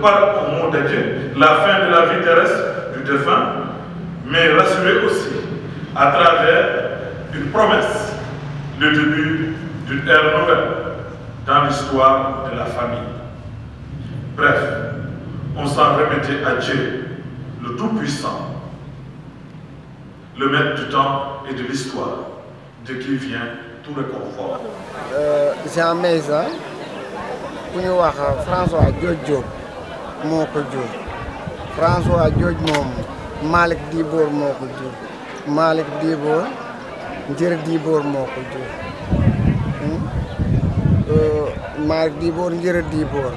parle au mot de Dieu la fin de la vie terrestre du défunt, mais rassurer aussi à travers une promesse, le début d'une ère nouvelle dans l'histoire de la famille. Bref, on s'en remettait à Dieu, le Tout-Puissant, le maître du temps et de l'histoire, de qui vient tout le confort. Euh, c'est un maison, hein. euh, François moo ko jur François Jooj moomu Malick Diboor moo ko jur Malick Diboor Njër Diboor moo ko jur hmm? euh, Malick Diboor Njër Diboor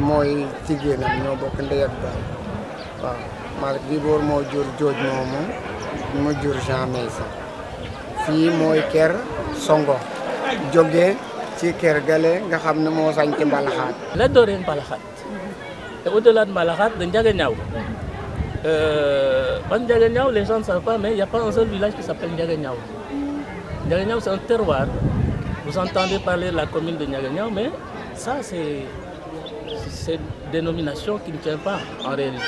mooy jigéenam ñoo bokk ndey ak baay waaw moo jur jooj moomu mu jur Jean Meissa fii mooy ker Songo jóge ci ker gale nga xam ne moo sañ ci Mbalaxaat la dooreen Mbalaxaat au-delà de Malarat, de Ndiaganyao. Euh, les gens ne savent pas, mais il n'y a pas un seul village qui s'appelle Ndiaganyao. Ndiaganyao c'est un terroir. Vous entendez parler de la commune de Ndiaganyao, mais ça, c'est une dénomination qui ne tient pas en réalité.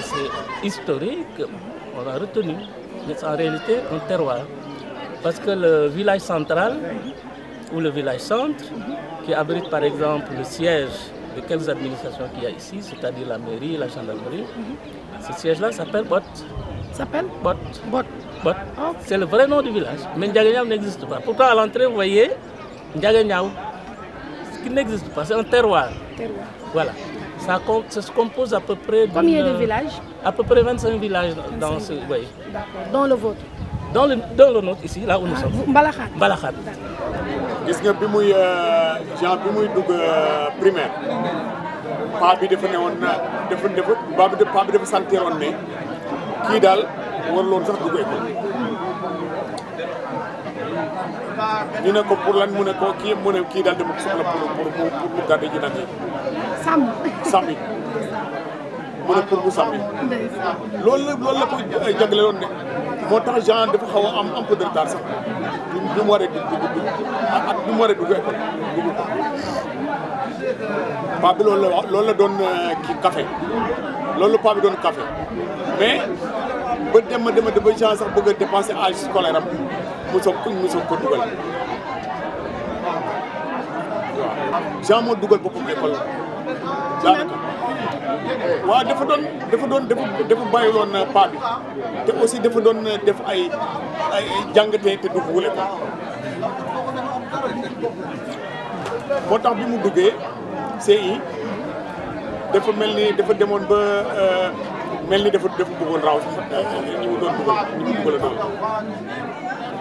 C'est historique, on a retenu, mais c'est en réalité un terroir. Parce que le village central, ou le village centre, qui abrite par exemple le siège administrations qu'il y a ici, c'est-à-dire la mairie, la gendarmerie. Mhm. Ce siège-là s'appelle Bot. S'appelle Bot. Bot. Bot. Oh. C'est le vrai nom du village. Mais n'existe pas. Pourquoi à l'entrée, vous voyez ce qui n'existe pas, c'est un terroir. Terroir. Voilà. Ça, se compose à peu près. Combien de villages À peu près 25 villages dans ce. Dans le vôtre Dans le, dans le nôtre, ici, là où nous ah, sommes. Balakhan. gis nga bi muy euh, genre bi muy dugg euh, primaire paa bi dafa ne woon dafa dafa paa bi dafa paa bi santeeroon ne kii daal warul woon sax dugg école ñu ne ko pour lan mu ne ko kii mu ne kii daal dama ko soxla pour pour pour ji nag yi. mu nekk kër bu sàmmi loolu la loolu la ko jagle woon de moo tax genre dafa xaw am un peu de sax bi bi mu waree dugg dugg ak bi loolu la wax loolu la doon euh, kii loolu la paa bi doon café mais ba dem ma dem ba genre sax bëgg a dépasser âge scolaire am mu soog mu soog ko dugal waaw genre moo dugal boppam école daanaka waaw dafa doon dafa doon dafa dafa bàyyiloon euh, paa bi te aussi dafa doon euh, def ay ay jàngatee te du wule ko moo tax bi mu duggee CI dafa mel ni dafa demoon ba euh, mel ni dafa dafa bëggoon raaw sax ñi mu doon dugal ñi mu dugal doon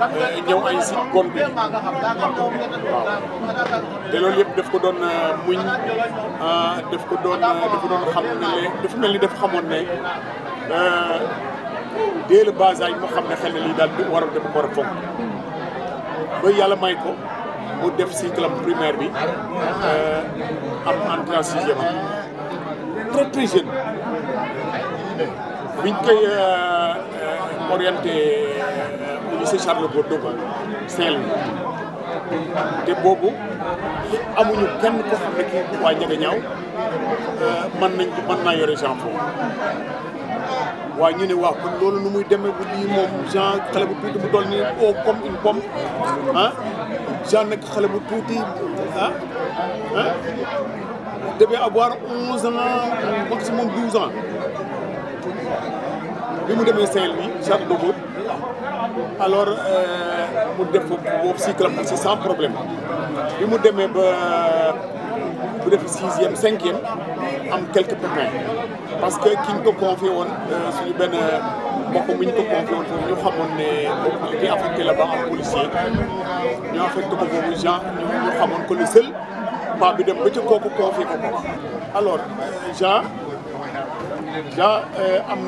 ñëw ay si bi waaw te loolu yëpp daf ko doon euh, muñ euh, def ko doon euh, daf ko doon xam ne dafa mel ni dafa xam ne xel ne lii daal war a dama ko war a yàlla may ko mu def cycle am primaire bi am entrée en sixième très très koy orienté lycée Charles Bordeaux ko Saint-Louis te boobu amuñu kenn ko xam ne kii waa Ndiaga ñaaw euh, mën naa yore Jean Paul waaye ñu ne waaw kon loolu nu muy demee bu lii moom Jean xale bu tuuti bu dool ni oo comme une pomme ah Jean nag xale bu tuuti ah ah devait onze ans maximum douze ans bi mu demee Saint-Louis Charles de alors euh, mu def boobu cycle am aussi sans problème bi mu demee ba bu def sixième cinquième am quelques pépins parce que kiñ ko confié woon euh, suñu benn euh, mbokk mi ñu ko confié woon foofu ñu xamoon ne boobu li affecté là-bas en policier ñu affecté ko boobu Jean ñu xamoon que le seul pas bi dem ba ci kooku confié ko ko alors Jean Jean am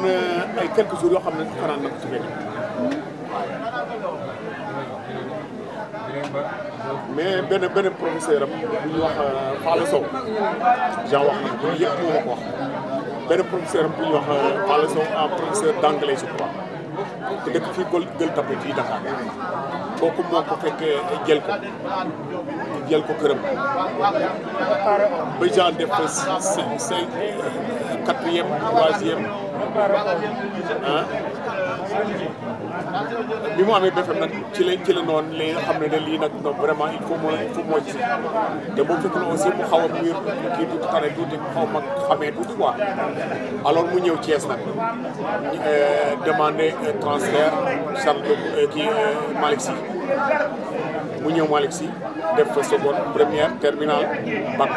na ay quelques jours yoo xam ne fanaan na ko ci mais benn benn professeur am bu ñuy wax euh, Fallou Sow genre wax na ko yëpp moo ko wax benn professeur am bu ñuy wax euh, Fallou Sow en professeur d' anglais je crois te dëkk fii Gueule Dakar kooku moo ko fekk eh, jël ko jël ko këram ba genre def cinq cinq quatrième troisième ah bi mu amee BFM nag ci la ci la noonu li xam ne ne lii nag non vraiment il faut mooy il faut mooy gis te boo fekk na aussi mu xaw a mur kii tuuti tane tuuti mu xaw mag xamee tuuti quoi alors mu ñëw Thiès nag euh, demandé euh, transfert Charles de euh, kii mu ñëw Malick Sy def fa seconde première terminale bac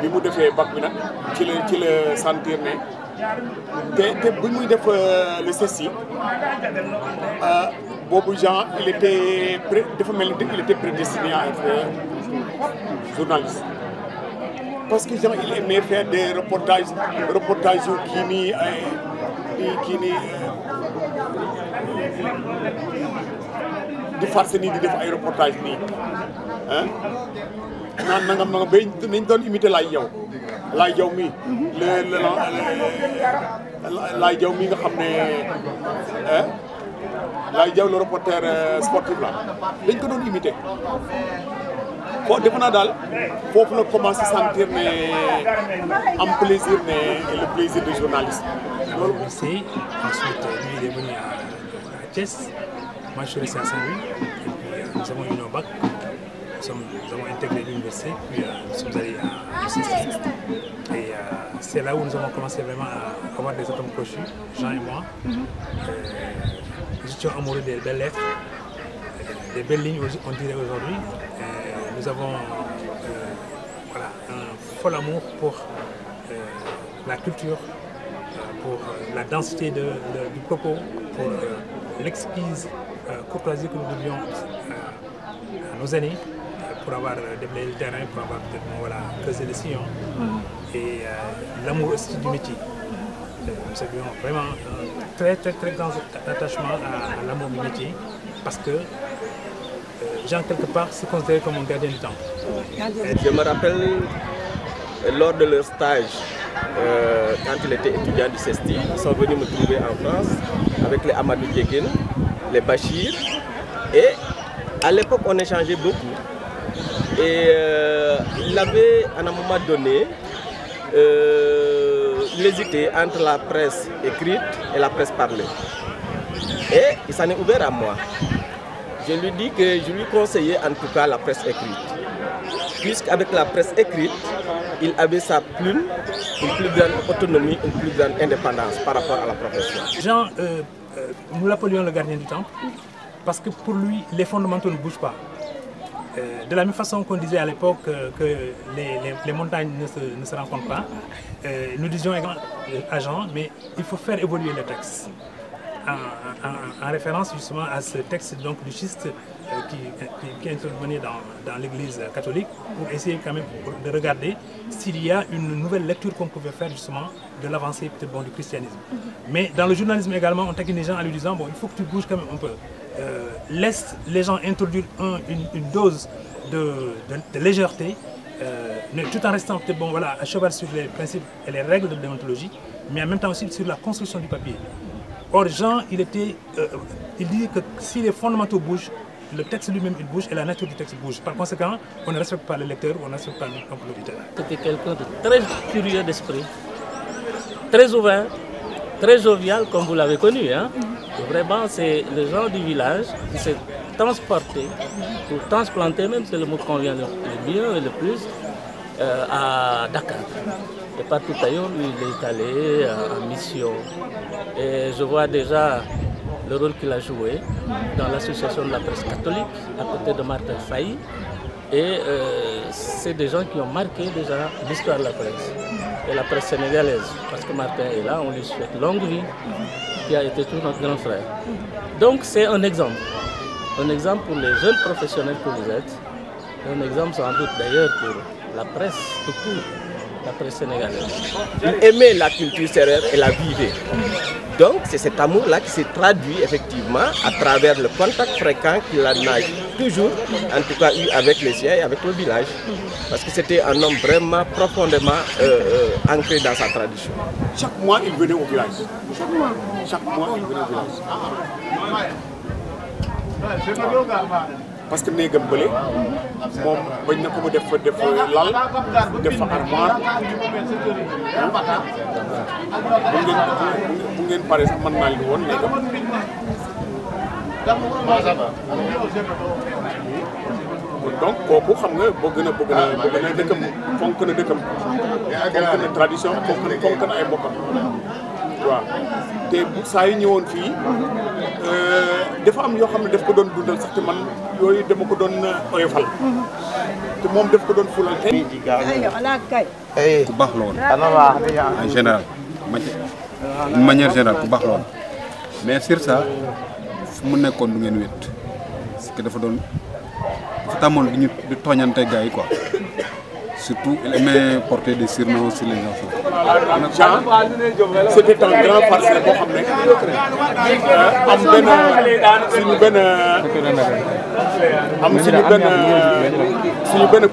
bi mu defee bac bi nag ci la ci la sentir ne te te bu def euh, le ceci euh, boobu Jean il était pré dafa mel ni il était prédestiné à être euh, journaliste. parce que Jean il aimait faire des reportages reportages yu kii nii ay kii nii. di farce nii di def ay reportage nii ah naan nangam nangam bay nañ doon imité laay yow laay jaw mii le laay jaw mi nga xam ne laay jaw le reporter euh, sportif la dañ ko doon imité bon defe naa daal foofu la commencé sentir ne am plaisir ne le plaisir de journaliste. Moi, je suis resté à Saint-Louis. Euh, nous avons eu nos bacs. Nous, avons intégré l'université. Puis, euh, nous sommes allés à l'université. Et euh, c'est là où nous avons commencé vraiment à avoir des atomes crochus, Jean et moi. nous étions amoureux des belles lettres, des belles lignes, on dirait aujourd'hui. nous avons voilà, un fol amour pour la culture, pour la densité du propos, pour l'exquise beaucoup plaisir que nous devions euh, à nos aînés euh, pour avoir euh, déblayé le terrain, pour avoir peut-être voilà, creusé les sillons. Mhm. Et l'amour aussi du métier. Nous avions vraiment un très très très grand attachement à, l'amour du métier parce que Jean, quelque part, se considéré comme un gardien du temps. je me rappelle lors de leur stage, quand il était étudiant du CESTI, ils sont venus me trouver en France avec les Amadou Diéguine les Bachir. Et à l'époque, on échangeait beaucoup. Et euh, il avait, à un moment donné, euh, hésité entre la presse écrite et la presse parlée. Et il s'en est ouvert à moi. Je lui dis que je lui conseillais en tout cas la presse écrite puisqu'avec la presse écrite, il avait sa plume, une plus grande autonomie, une plus grande indépendance par rapport à la profession. Jean, euh, euh, nous l'appelions le gardien du temple, parce que pour lui, les fondamentaux ne bougent pas. Euh, de la même façon qu'on disait à l'époque que les, montagnes ne se, rencontrent pas, nous disions à Jean, mais il faut faire évoluer le texte en, référence justement à ce texte donc, du schiste euh, qui, est intervenu dans, l'Église catholique, pour essayer quand même de regarder s'il y a une nouvelle lecture qu'on pouvait faire justement de l'avancée du christianisme. Mhm. Mais dans le journalisme également, on taquine les gens en lui disant, bon, il faut que tu bouges quand même un peu. Euh, laisse les gens introduire une, dose de, légèreté, euh, tout en restant bon, voilà, à cheval sur les principes et les règles de déontologie, mais en même temps aussi sur la construction du papier. Or, Jean, il, était, euh, il dit que si les fondamentaux bougent, le texte lui-même il bouge et la nature du texte bouge. Par conséquent, on ne respecte pas le lecteur, on ne respecte pas l'auditeur. C'était quelqu'un de très curieux d'esprit, très ouvert, très jovial comme vous l'avez connu. Hein. Mm-hmm. vraiment, c'est le genre du village qui s'est transporté, ou transplanté même, si le mot convient le mieux et le plus, euh, à Dakar. Et tout ailleurs, lui, il est allé en mission. Et je vois déjà le rôle qu'il a joué dans l'association de la presse catholique, à côté de Martin Failly. Et euh, c'est des gens qui ont marqué déjà l'histoire de la presse et la presse sénégalaise. Parce que Martin est là, on lui souhaite longue vie, qui a été toujours notre grand frère. Donc c'est un exemple. Un exemple pour les jeunes professionnels que vous êtes. Un exemple sans doute d'ailleurs pour la presse tout court. Il aimait la culture serrère et la vivait. Donc c'est cet amour-là qui s'est traduit effectivement à travers le contact fréquent qu'il a toujours, en tout cas eu avec les siens et avec le village. Parce que c'était un homme vraiment profondément euh, euh, ancré dans sa tradition. Chaque mois il venait au village. Chaque mois. il venait au village. Ah, parce que néegam bële moom bañ na ko mu def fa def lal def fa armoire bu ngeen bu ngeen pare sax mën naa leen woon néegam. donc kooku xam nga bëgg na bëgg na dëkkam fonk na dëkkam fonk na tradition fonk na ay mbokkam waaw te bu saa yu ñëwoon fii. Euh, dafa am yoo xam ne daf ko doon dundal sax te man yooyu dama ko doon euh, oyofal. Mhm. te moom daf ko doon fulal. lii di gaaw baax la woon. en ah. général ma ku baax lool mais sur ça fu mu nekkoon du ngeen wét parce que dafa doon dafa tàmmoon di ñu di tooñante gars yi quoi. surtout elle aimait porter des surnoms sur les enfants. c'était un grand farceur pour xam un... Ah, am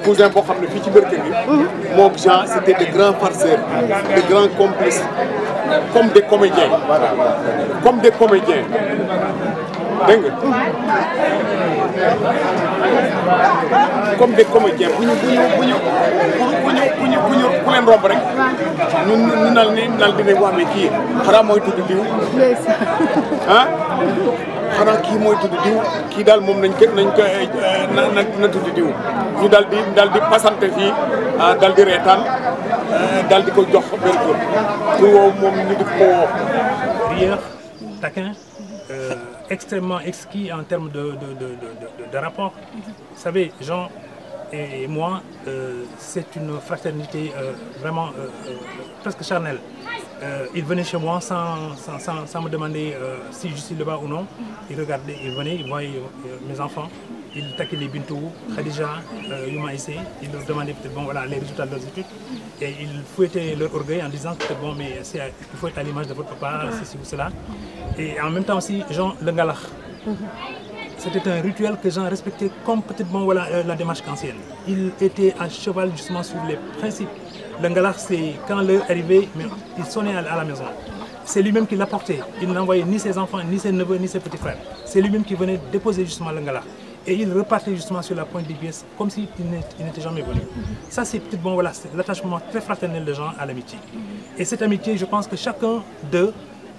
cousin Jean c'était des grands farceurs des grands complices comme des comédiens comme des comédiens dégg nga comme des comédiens bu ñu bu ñu bu ñu bu ñu bu ñu bu ñu ku leen romb rek ñun ñu naan ni naan dinañ wax ne kii xanaa mooy tudd diw ah xanaa kii mooy tudd diw kii daal moom nañ ko nañ ko na na tudd diw ñu daal di daal di pasante fii ah, daal di reetaan eh, daal di ko jox benn tur. ku woow moom ñu di ko woo. rieur taquin. Euh, extrêmement exquis en termes de, de, rapport. Vous savez, Jean et, moi, euh, c'est une fraternité euh, vraiment euh, presque charnelle. ils venaient chez moi sans, me demander si je suis là-bas ou non. Ils regardaient, ils venaient, ils voyaient mes enfants. Ils taquaient les Bintou, Khadija, Yuma Issé. Ils leur demandaient bon, voilà, les résultats de leurs études. Et ils fouettaient leur orgueil en disant que bon, mais il faut être à l'image de votre papa, ceci ou cela. Et en même temps aussi, Jean Lengalach c'était un rituel que Jean respectait complètement voilà, euh, la démarche cancienne. Il était à cheval justement sur les principes. L'angala, c'est quand l'heure arrivait, il sonnait à, la maison. C'est lui-même qui l'apportait. Il n'envoyait ni ses enfants, ni ses neveux, ni ses petits frères. C'est lui-même qui venait déposer justement le Et il repartait justement sur la pointe des pièces comme s'il n'était jamais venu. Ça, c'est bon, voilà, l'attachement très fraternel des gens à l'amitié. Et cette amitié, je pense que chacun d'eux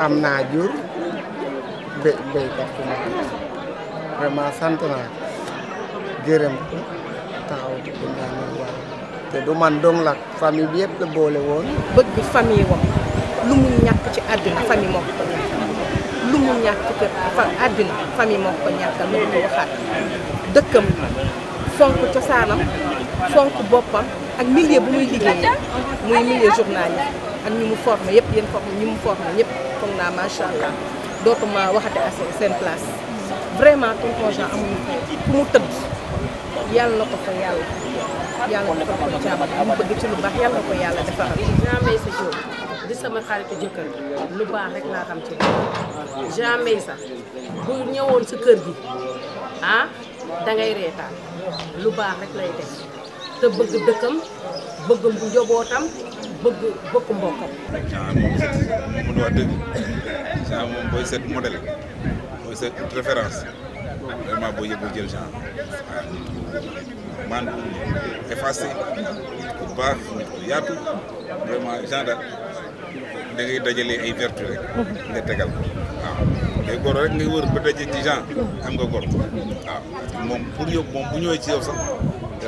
am naa jur bé béykat bu mag vraiment sant naa ko taxaw ko te du man dong la bi yëpp boole woon bëgg famille wam lu mu ñàkk ci àddina famille moo ko ñàkkal lu mu ñàkk ci àddina famille moo ko ñàkkal lu ko waxaat dëkkam fonk cosaanam fonk boppam ak milieu bu muy liggéey muy milieu journaliste ak ñi mu formé yëpp yéen formé ñu mu formé ñëpp foog naa macha allah dootuma waxate as seen place vraiment tonton amuñu fu mu tëdd yàlla na ko fa yàlla ko lu baax yàlla yàlla defaral. jamais sa jóg di sama xaritu jëkkër lu baax rek laa xam ci jamais sax bu ñëwoon sa kër gi ah reetaan lu baax rek lay def te bëgg dëkkam bëgg njobootam. bëgg bëgg mbokkam. ah moom mu wax dëgg genre moom booy seet modèle booy seet référence vraiment boo yëgul jël genre waaw man effacé bu baax yaatu vraiment genre dajale ay nga tegal waaw. ay góor rek ngay wër ba daje ci genre am nga góor waaw moom pour yóbbu moom bu ñëwee ci sax.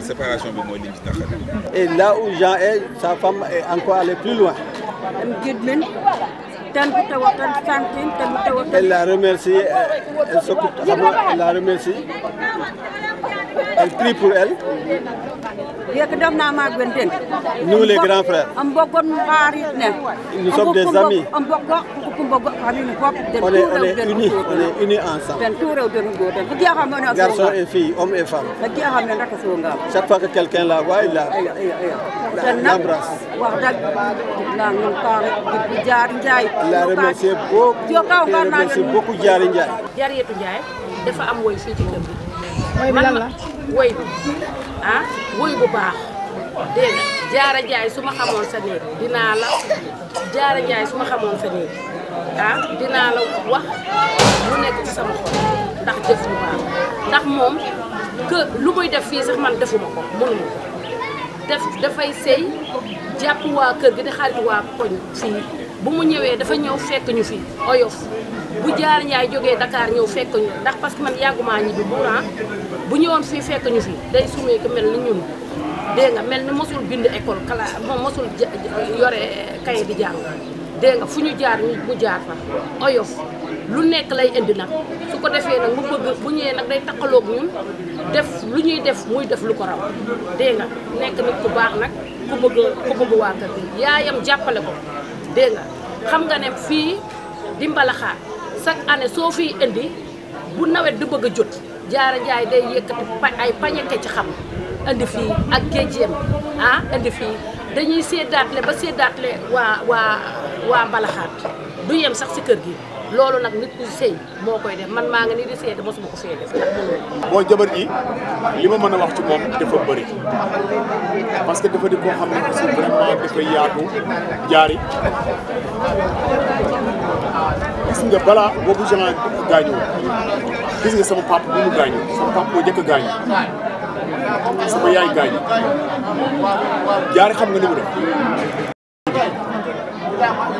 séparation de moi et là où Jean est sa femme est encore allée plus loin. Elle la remercie, elle s'occupe, elle la remercie elle prie pour elle. Nous les grands frères. Nous sommes des amis. On est, unis, ensemble. Garçons et filles, hommes et femmes. Chaque fois que quelqu'un la voit, il l'embrasse. Il la remercie beaucoup, il remercie beaucoup woy bi ah, woy bu baax dégg nga jaara jaay su ma xamoon sa néeg dinaa la jaara jaay su ma xamoon sa néeg ah, dinaa la wax lu nekk ci sama xol ndax jëf bu baax ndax moom que lu muy def fii sax man defuma ko mënuma ko def dafay sëy jàpp waa kër gi di xarit waa koñ fii bu mu ñëwee dafa ñëw fekk ñu fi oyof bu jaar yaay jógee Dakar ñëw fekk ñu ndax parce que man yàggumaa ñi bi buuraan ah. bu ñëwoon fii fekk ñu fi day sumee ko mel ni ñun dégg nga mel ni mosul bind école kala moom mosul yore kaye di jàng dégg nga fu ñu jaar ñu mu jaar fa oyof lu nekk lay indi nag su ko defee nag mu bëgg bu ñëwee nag day taqaloog ñun def lu ñuy def muy def lu ko raw dégg nga nekk nit ku baax nag ku bëgg ku bëgg waa yaayam jàppale ko dégg nga xam nga ne fii di mbalaxaan chaque année soo fiy indi bu nawet di bëgg a jot jaara njaay day yëkkati ay pañeke ci xam indi fii ak géejéem ah indi fii dañuy seddaatle ba seddaatle waa waa waa du yem sax si kër gi loolu nag nit ku sëy moo koy def man maa nga nii di sëy te mosuma boo jabar ji li ma mën a wax ci moom dafa bëri parce que dafa de koo xam ne aussi vraiment dafa yaatu jaari gis nga balaa boobu genre gaañoo gis nga sama papa a gaañu sama yaay gaañu jaari xam nga ni mu def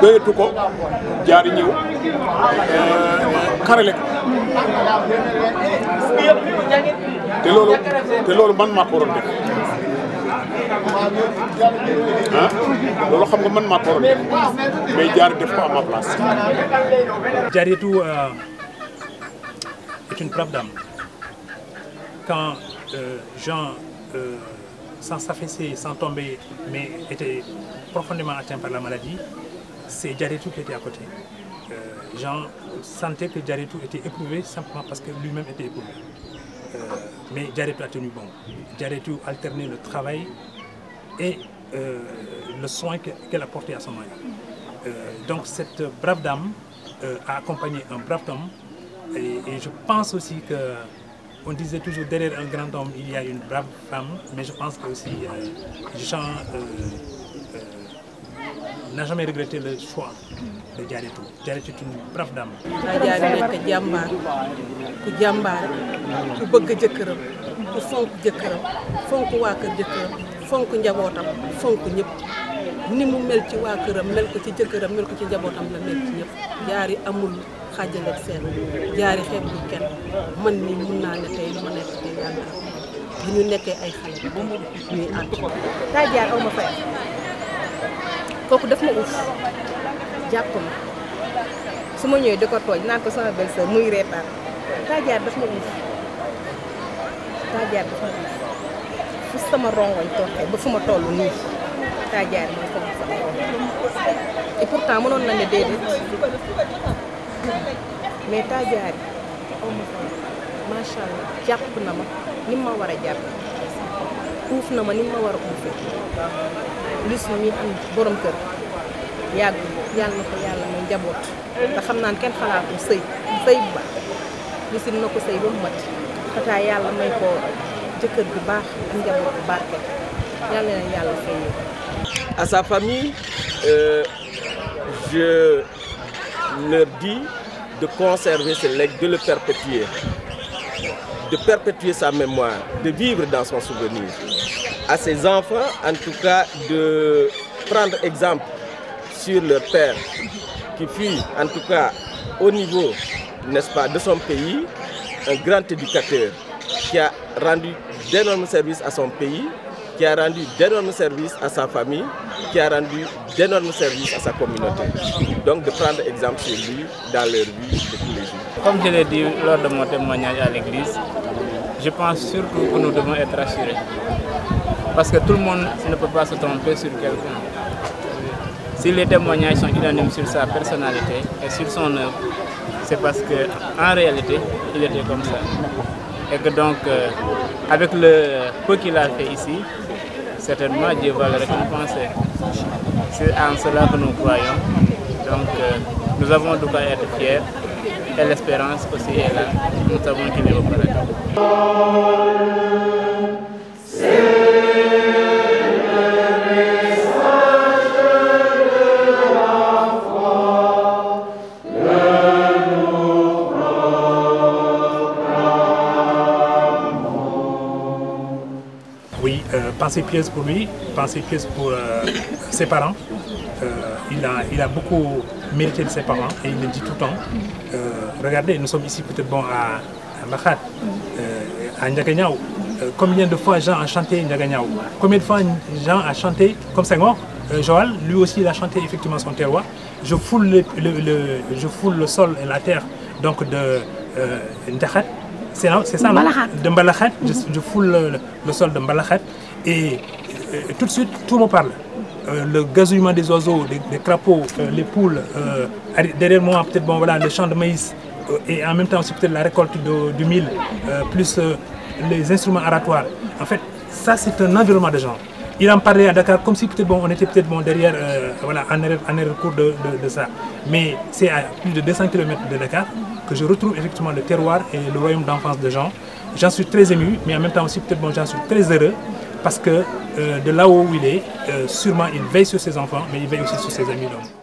doyatu ko euh, man ko hein? def mais à ma place. Euh, est une preuve d'âme. quand euh, Jean. sans s'affaisser, sans tomber, mais était profondément atteint par la maladie, c'est Djaretou qui était à côté. Euh, Jean sentait que Djaretou était éprouvé simplement parce que lui-même était éprouvé. Euh, mais Djaretou a tenu bon. Djaretou alternait le travail et euh, le soin qu'elle apportait à son mari. donc cette brave dame a accompagné un brave homme et, je pense aussi que on disait toujours derrière un grand homme il y a une brave femme, mais je pense que aussi euh, Jean n'a jamais regretté le choix de Diarratou. Diarratou est une brave dame. Diarra nekk jàmbaar ku jàmbaar ku bëgg jëkkëram ku fonk jëkkëram fonk waa kër jëkkëram fonk njabootam fonk ñëpp ni mu mel ci waa këram mel ko ci jëkkëram mel ko ci njabootam la mel ci ñëpp jaari amul xaajal ak seen jaari xeeb bu kenn man ni mun naa ne tey ma nekk tey yàlla bi ñu nekkee ay xale ñuy ànd. daa jaar aw ma kooku daf ma uuf jàpp ma su ma ñëwee di ko tooj naan ko sama belle muy reetaan taajaar daf ma uuf taajaar daf ma uuf fu sama rongoñ tooxee ba fu ma toll nii taajaar mooy sama sama rongoñ et pourtant mënoon na ne déedéet mais taajaar oh yi allah jàpp na ma ni ma war a jàpp. ouf na ma ni ma war a uufee Liss mi am borom keur yag yalla na ko yàlla may njaboot te xam naa kenn xalaatu sey sëy bu baax Liss nako sey bu mat xata yalla may ko jëkkër bu baax ak njaboot bu barke yàlla na yàlla fay a sa famille euh, je leur dis de conserver ce legs de le perpétuer de perpétuer sa mémoire de vivre dans son souvenir à ses enfants, en tout cas, de prendre exemple sur leur père, qui fut, en tout cas, au niveau, n'est-ce pas, de son pays, un grand éducateur qui a rendu d'énormes services à son pays, qui a rendu d'énormes services à sa famille, qui a rendu d'énormes services à sa communauté. Donc de prendre exemple sur lui dans leur vie de tous les jours. Comme je l'ai dit lors de mon témoignage à l'église, je pense surtout que nous devons être rassurés. Parce que tout le monde ne peut pas se tromper sur quelqu'un. Si les témoignages sont unanimes sur sa personnalité et sur son œuvre, c'est parce qu'en réalité, il était comme ça. Et que donc, euh, avec le peu qu'il a fait ici, certainement Dieu va le récompenser. C'est en cela que nous croyons. Donc, euh, nous avons du à être fiers et l'espérance aussi est là. Nous savons qu'il est au paradis. ses pièces pour lui, ses pièces pour euh, ses parents. Euh, il, a, il a beaucoup mérité de ses parents et il me dit tout le temps. Euh, regardez, nous sommes ici peut-être bon à, à à combien de fois Jean a chanté Ndaganyao, Combien de fois Jean a chanté comme moi Joël, lui aussi, il a chanté effectivement son terroir. Je foule le, le, foule le sol et la terre donc de Ndakhat. C'est ça, Je, foule le, sol de Mbalachet. Et tout de suite, tout le monde parle. Euh, le gazouillement des oiseaux, des, crapauds, euh, les poules. Euh, derrière moi, peut-être bon, voilà, le champ de maïs. et en même temps, aussi peut-être la récolte du mil, plus les instruments aratoires. En fait, ça, c'est un environnement de gens. Il en parlait à Dakar comme si peut-être bon, on était peut-être bon derrière, voilà, en arrière, cours de, ça. Mais c'est à plus de 200 km de Dakar que je retrouve effectivement le terroir et le royaume d'enfance de gens. J'en suis très ému, mais en même temps aussi peut-être bon, j'en suis très heureux parce que euh, de là où il est, euh, sûrement il veille sur ses enfants, mais il veille aussi sur ses amis d'hommes.